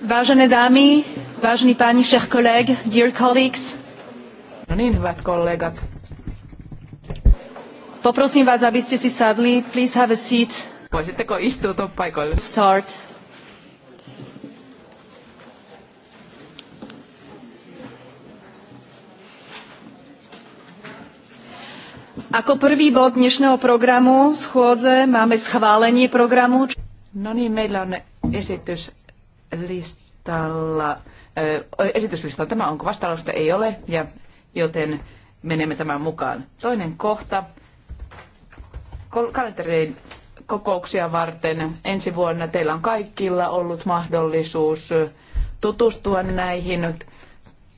Vážené dámy, vážení páni, chers collègues, dear colleagues. No niin, hyvät kollegat. Poprosím vás, aby ste si sadli. Please have a seat. Voisitteko istua paikoille? Start. Ako prvý bod dnešného programu schôdze máme schválenie programu. No niin, meillä on esityslistalla, äh, esityslistalla tämä onko vastalausta ei ole, ja joten menemme tämän mukaan. Toinen kohta, kalenterin kokouksia varten ensi vuonna teillä on kaikilla ollut mahdollisuus tutustua näihin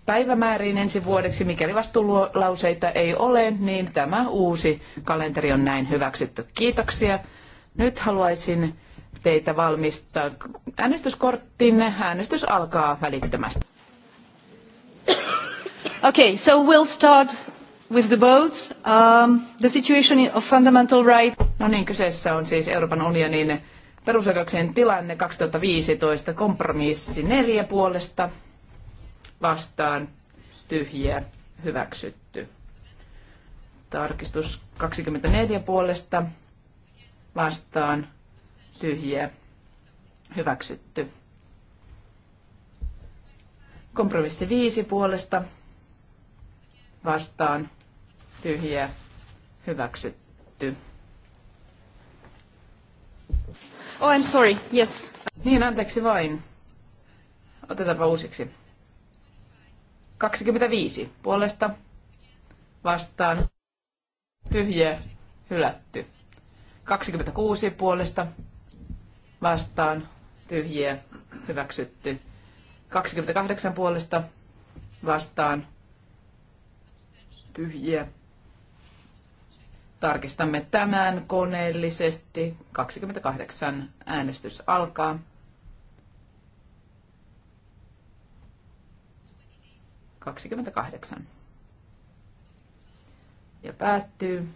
päivämääriin ensi vuodeksi. Mikäli vastuulauseita ei ole, niin tämä uusi kalenteri on näin hyväksytty. Kiitoksia. Nyt haluaisin teitä valmistaa äänestyskorttinne. Äänestys alkaa välittömästi. Okay, so we'll start with the votes. Um, the situation of fundamental rights. No niin, kyseessä on siis Euroopan unionin perusoikeuksien tilanne 2015, kompromissi neljä puolesta vastaan tyhjiä hyväksytty. Tarkistus 24 puolesta vastaan tyhjiä hyväksytty. Kompromissi 5 puolesta vastaan tyhjiä hyväksytty. Oh, I'm sorry. Yes. Niin, anteeksi vain. Otetaanpa uusiksi. 25 puolesta vastaan tyhjä hylätty. 26 puolesta vastaan tyhjiä hyväksytty. 28 puolesta vastaan tyhjiä. Tarkistamme tämän koneellisesti. 28 äänestys alkaa. 28. Ja päättyy.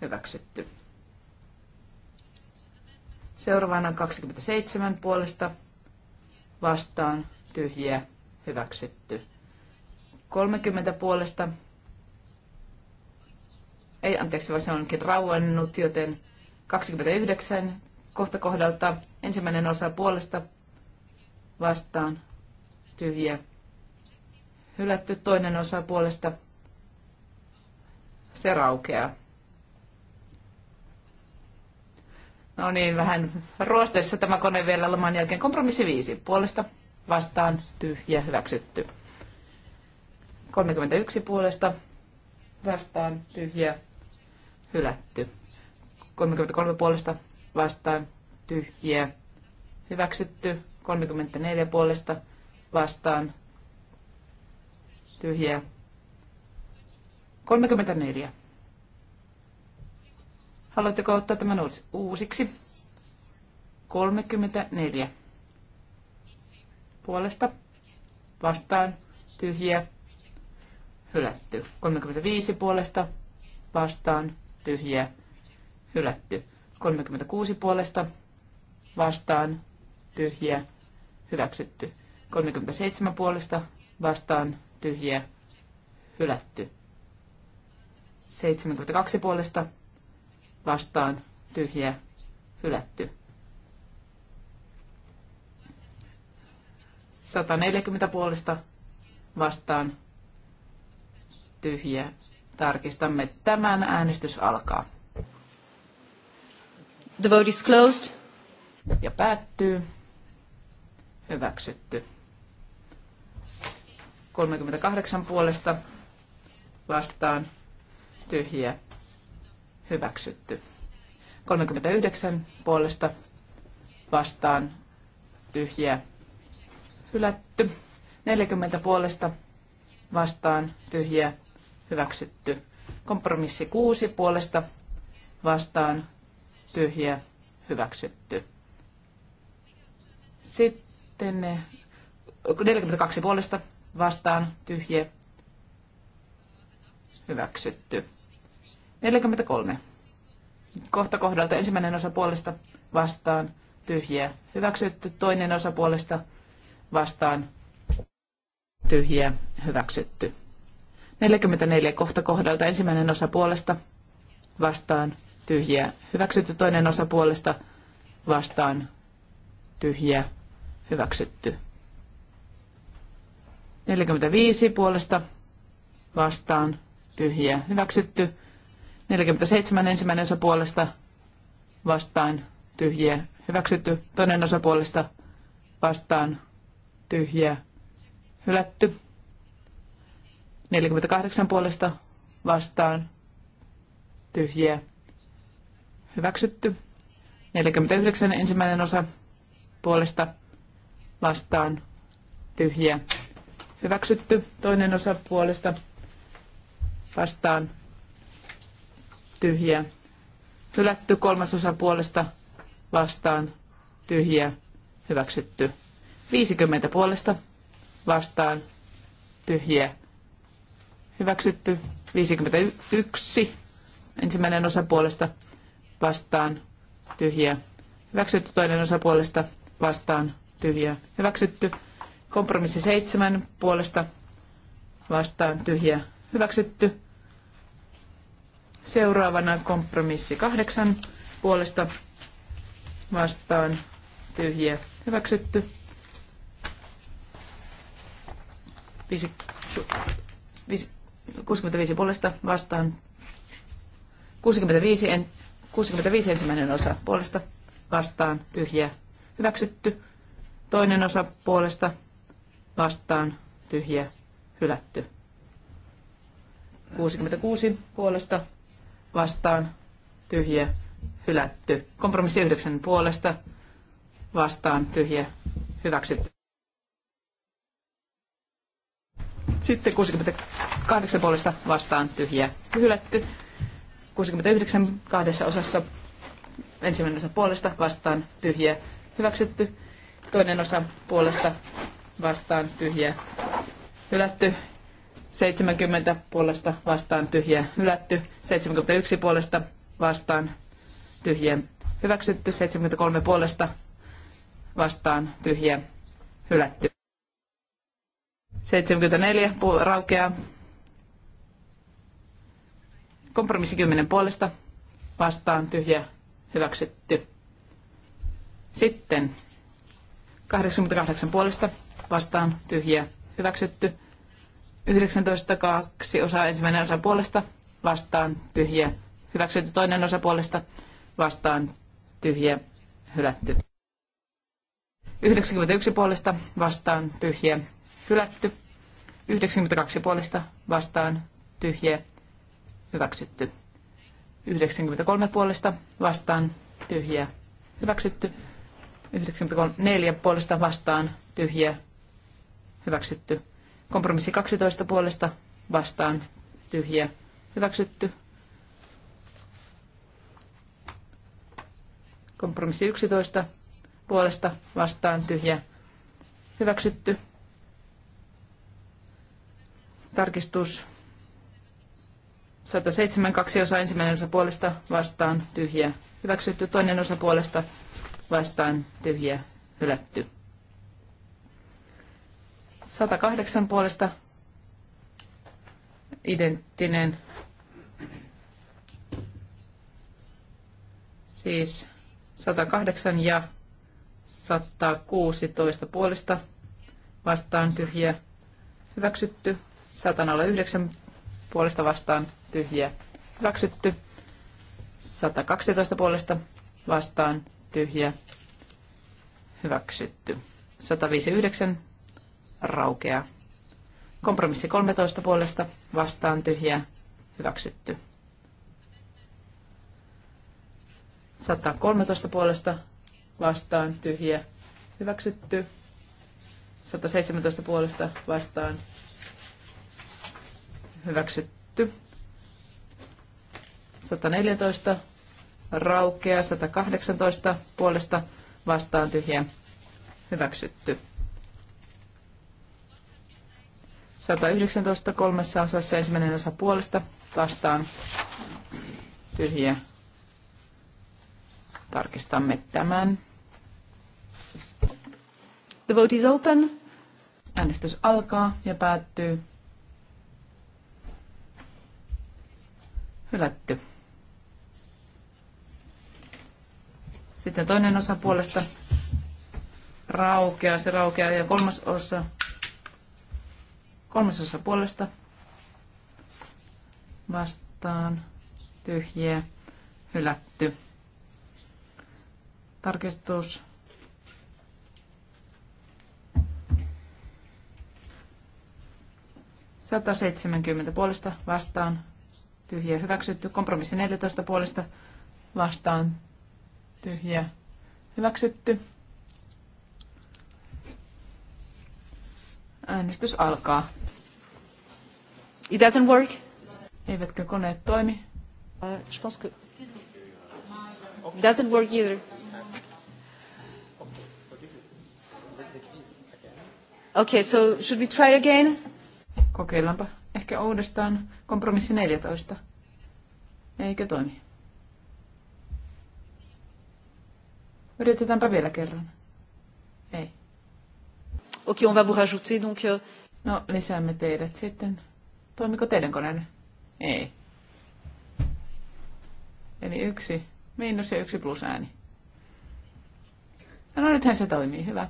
Hyväksytty. Seuraavana 27 puolesta vastaan tyhjiä hyväksytty. 30 puolesta ei anteeksi, vaan se onkin rauennut, joten 29 kohta kohdalta ensimmäinen osa puolesta vastaan tyhjiä. Hylätty toinen osa puolesta. Se raukeaa. No niin, vähän ruosteessa tämä kone vielä loman jälkeen. Kompromissi 5 puolesta vastaan tyhjä hyväksytty. 31 puolesta vastaan tyhjä hylätty. 33 puolesta vastaan tyhjä hyväksytty. 34 puolesta vastaan, vastaan tyhjää. 34. Haluatteko ottaa tämän uusiksi? 34. Puolesta vastaan tyhjä hylätty. 35 puolesta vastaan tyhjä hylätty. 36 puolesta vastaan tyhjä hyväksytty. 37 puolesta vastaan tyhjiä hylätty. 72 puolesta vastaan tyhjiä hylätty. 140 puolesta vastaan tyhjiä. Tarkistamme tämän. Äänestys alkaa. The vote is closed. Ja päättyy. Hyväksytty. 38 puolesta vastaan tyhjiä hyväksytty. 39 puolesta vastaan tyhjiä hylätty. 40 puolesta vastaan tyhjiä hyväksytty. Kompromissi 6 puolesta vastaan tyhjiä hyväksytty. Sitten 42 puolesta vastaan tyhjä hyväksytty. 43. Kohta kohdalta ensimmäinen osa puolesta vastaan tyhjä hyväksytty, toinen osa puolesta vastaan tyhjä hyväksytty. 44 kohta kohdalta ensimmäinen osa puolesta vastaan tyhjä hyväksytty, toinen osa puolesta vastaan tyhjä hyväksytty. 45 puolesta vastaan tyhjiä hyväksytty. 47 ensimmäinen osa puolesta vastaan tyhjiä hyväksytty. Toinen osa puolesta vastaan tyhjiä hylätty. 48 puolesta vastaan tyhjiä hyväksytty. 49 ensimmäinen osa puolesta vastaan tyhjiä Hyväksytty. Toinen osa puolesta vastaan tyhjä. Hylätty. Kolmas osa puolesta vastaan tyhjä. Hyväksytty. 50 puolesta vastaan tyhjä. Hyväksytty. 51 ensimmäinen osa puolesta vastaan tyhjä. Hyväksytty toinen osa puolesta vastaan tyhjä. Hyväksytty Kompromissi seitsemän puolesta vastaan tyhjä hyväksytty. Seuraavana kompromissi kahdeksan puolesta vastaan tyhjä hyväksytty. Viisi, viisi 65 puolesta vastaan 65, en, 65 ensimmäinen osa puolesta vastaan tyhjä hyväksytty. Toinen osa puolesta vastaan tyhjä hylätty. 66 puolesta vastaan tyhjä hylätty. Kompromissi 9 puolesta vastaan tyhjä hyväksytty. Sitten 68 puolesta vastaan tyhjä hylätty. 69 kahdessa osassa ensimmäisessä osa puolesta vastaan tyhjä hyväksytty. Toinen osa puolesta vastaan tyhjä hylätty. 70 puolesta vastaan tyhjä hylätty. 71 puolesta vastaan tyhjä hyväksytty. 73 puolesta vastaan tyhjä hylätty. 74 raukeaa. Kompromissi 10 puolesta vastaan tyhjä hyväksytty. Sitten 88 puolesta vastaan tyhjiä hyväksytty. 19 kaksi osa ensimmäinen osa puolesta vastaan tyhjiä hyväksytty. Toinen osa puolesta vastaan tyhjiä hylätty. 91 puolesta vastaan tyhjiä hylätty. 92 puolesta vastaan tyhjiä hyväksytty. 93 puolesta vastaan tyhjiä hyväksytty. 94 puolesta vastaan tyhjä hyväksytty. Kompromissi 12 puolesta vastaan tyhjä hyväksytty. Kompromissi 11 puolesta vastaan tyhjä hyväksytty. Tarkistus 107, kaksi osa ensimmäinen osa puolesta vastaan tyhjä hyväksytty, toinen osa puolesta vastaan tyhjä hylätty. 108 puolesta identtinen. Siis 108 ja 116 puolesta vastaan tyhjä hyväksytty. 109 puolesta vastaan tyhjä hyväksytty. 112 puolesta vastaan tyhjä, hyväksytty. 159 raukea. Kompromissi 13 puolesta vastaan tyhjä, hyväksytty. 113 puolesta vastaan tyhjä, hyväksytty. 117 puolesta vastaan hyväksytty. 114 raukeaa 118 puolesta vastaan tyhjä hyväksytty. 119 kolmessa osassa ensimmäinen osa puolesta vastaan tyhjä. Tarkistamme tämän. The vote is open. Äänestys alkaa ja päättyy. Hylätty. Sitten toinen osa puolesta raukeaa, se raukeaa ja kolmas osa, kolmas osa puolesta vastaan tyhjiä, hylätty. Tarkistus. Sata seitsemänkymmentä puolesta vastaan tyhjiä hyväksytty. Kompromissi 14 puolesta vastaan tyhjä hyväksytty. Äänestys alkaa. It doesn't work. Eivätkö koneet toimi? Uh, je pense que... It doesn't work either. Okay, so should we try again? Kokeillaanpa ehkä uudestaan kompromissi 14. Eikö toimi? Yritetäänpä vielä kerran. Ei. Okei, on va vous rajouter donc... Euh, no, lisäämme teidät sitten. Toimiko teidän koneen? Ei. Eli yksi miinus ja yksi plus ääni. No, no nythän se toimii, hyvä.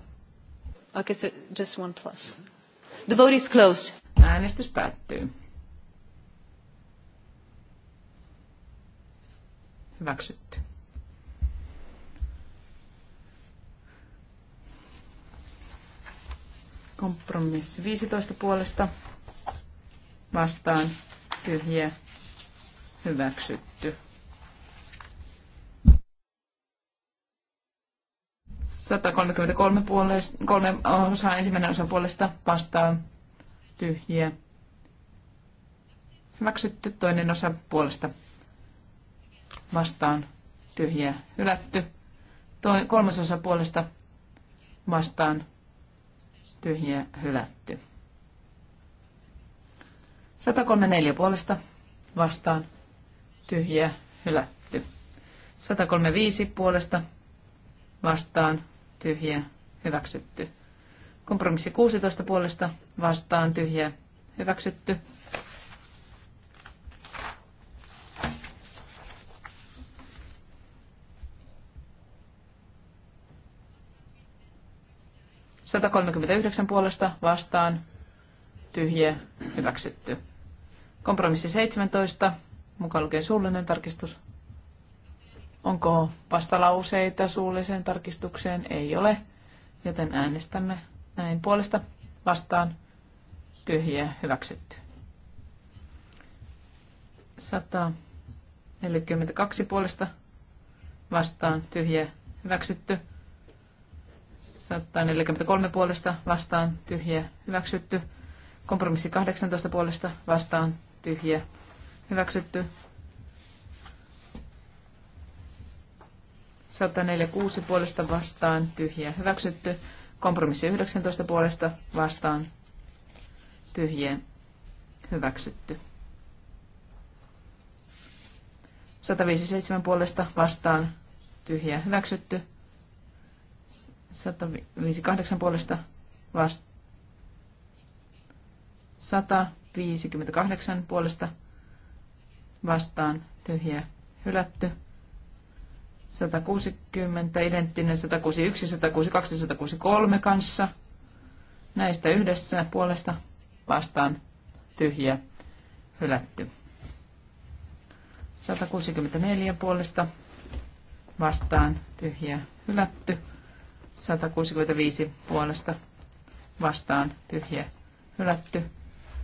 Okay, so just one plus. The vote is closed. Äänestys päättyy. Hyväksytty. Kompromissi 15 puolesta vastaan tyhjiä hyväksytty. 133 puolesta, kolme osaa ensimmäinen osa puolesta vastaan tyhjiä. Hyväksytty toinen osa puolesta vastaan tyhjiä. Hylätty. Toi, kolmas osa puolesta vastaan tyhjiä hylätty. 134 puolesta vastaan tyhjiä hylätty. 135 puolesta vastaan tyhjiä hyväksytty. Kompromissi 16 puolesta vastaan tyhjiä hyväksytty. 139 puolesta vastaan Tyhjä. hyväksytty. Kompromissi 17, mukaan lukee suullinen tarkistus. Onko vastalauseita suulliseen tarkistukseen? Ei ole, joten äänestämme näin puolesta vastaan Tyhjä. hyväksytty. 142 puolesta vastaan Tyhjä. hyväksytty. 143 puolesta vastaan tyhjä hyväksytty. Kompromissi 18 puolesta vastaan tyhjä hyväksytty. 146 puolesta vastaan tyhjä hyväksytty. Kompromissi 19 puolesta vastaan tyhjä hyväksytty. 157 puolesta vastaan tyhjä hyväksytty. 158 puolesta vasta. 158 puolesta vastaan tyhjä hylätty. 160 identtinen 161, 162, 163 kanssa. Näistä yhdessä puolesta vastaan tyhjä hylätty. 164 puolesta vastaan tyhjä hylätty. 165 puolesta vastaan tyhjä hylätty.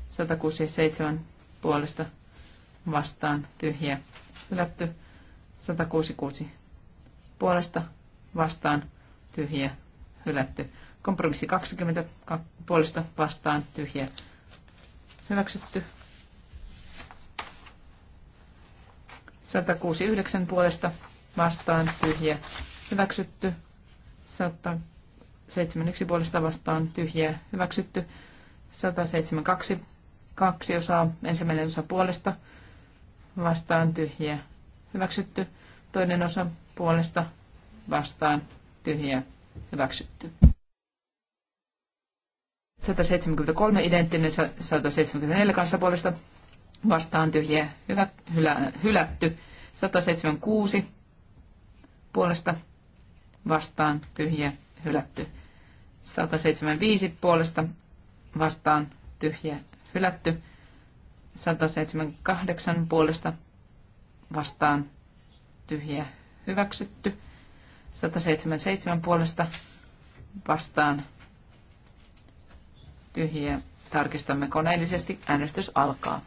167 puolesta vastaan tyhjä hylätty. 166 puolesta vastaan tyhjä hylätty. Kompromissi 20 puolesta vastaan tyhjä hyväksytty. 169 puolesta vastaan tyhjä hyväksytty. 171 puolesta vastaan tyhjiä hyväksytty. 172 kaksi osaa, ensimmäinen osa puolesta vastaan tyhjiä hyväksytty. Toinen osa puolesta vastaan tyhjiä hyväksytty. 173 identtinen 174 kanssa puolesta vastaan tyhjiä hyvä, hylä, hylätty. 176 puolesta vastaan tyhjä hylätty. 175 puolesta vastaan tyhjä hylätty. 178 puolesta vastaan tyhjä hyväksytty. 177 puolesta vastaan tyhjä. Tarkistamme koneellisesti. Äänestys alkaa.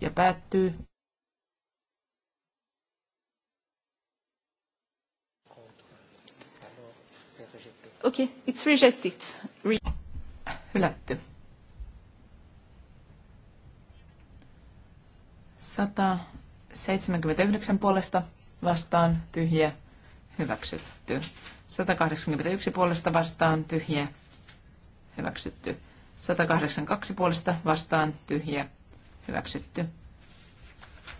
Ja päättyy. Okay, it's rejected. Re- Hylätty. 179 puolesta vastaan tyhjä hyväksytty. 181 puolesta vastaan tyhjä hyväksytty. 182 puolesta vastaan tyhjä hyväksytty.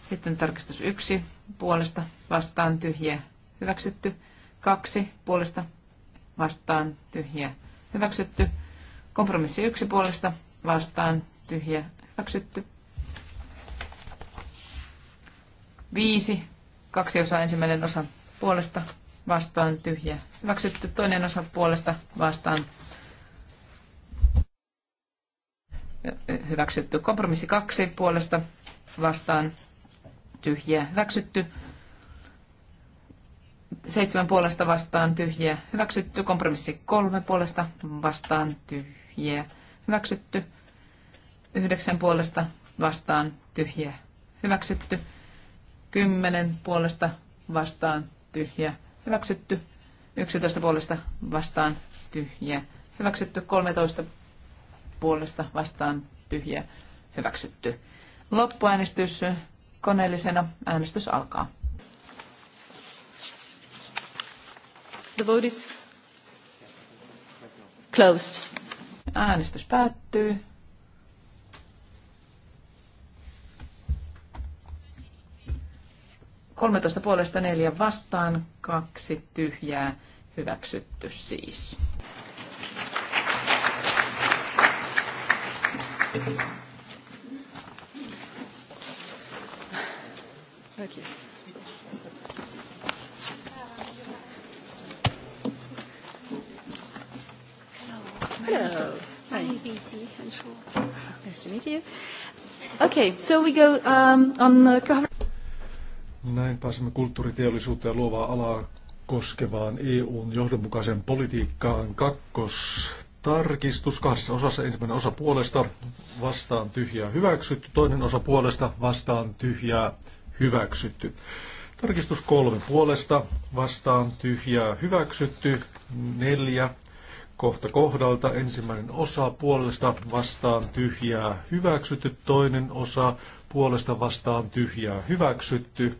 Sitten tarkistus 1 puolesta vastaan tyhjä hyväksytty. 2 puolesta vastaan tyhjä hyväksytty. Kompromissi yksi puolesta vastaan tyhjä hyväksytty. Viisi, kaksi osa ensimmäinen osa puolesta vastaan tyhjä hyväksytty. Toinen osa puolesta vastaan hyväksytty. Kompromissi kaksi puolesta vastaan tyhjä hyväksytty. Seitsemän puolesta vastaan tyhjiä hyväksytty. Kompromissi kolme puolesta vastaan tyhjiä hyväksytty. Yhdeksän puolesta vastaan tyhjiä hyväksytty. Kymmenen puolesta vastaan tyhjiä hyväksytty. Yksitoista puolesta vastaan tyhjiä hyväksytty. Kolmetoista puolesta vastaan tyhjiä hyväksytty. Loppuäänestys koneellisena. Äänestys alkaa. The vote is closed. Äänestys päättyy. Kolmetoista puolesta neljä vastaan, kaksi tyhjää, hyväksytty siis. Thank you. Hello. Hi. Nice to meet you. Okay, so we go um, on Näin pääsemme kulttuuriteollisuutta ja luovaa alaa koskevaan EUn johdonmukaisen politiikkaan kakkos tarkistus kahdessa osassa. Ensimmäinen osa puolesta vastaan tyhjää hyväksytty, toinen osa puolesta vastaan tyhjää hyväksytty. Tarkistus kolme puolesta vastaan tyhjää hyväksytty, neljä kohta kohdalta. Ensimmäinen osa puolesta vastaan tyhjää hyväksytty, toinen osa puolesta vastaan tyhjää hyväksytty.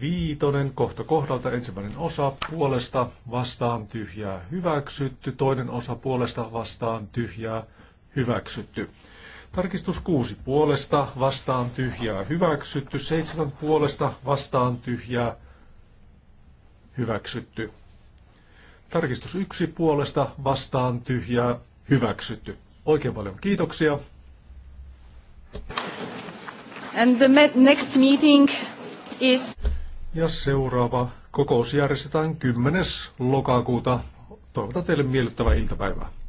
Viitonen kohta kohdalta ensimmäinen osa puolesta vastaan tyhjää hyväksytty, toinen osa puolesta vastaan tyhjää hyväksytty. Tarkistus 6 puolesta vastaan tyhjää hyväksytty, 7 puolesta vastaan tyhjää hyväksytty. Tarkistus yksi puolesta vastaan tyhjää hyväksytty. Oikein paljon kiitoksia. And the next meeting is... Ja seuraava kokous järjestetään 10. lokakuuta. Toivotan teille miellyttävää iltapäivää.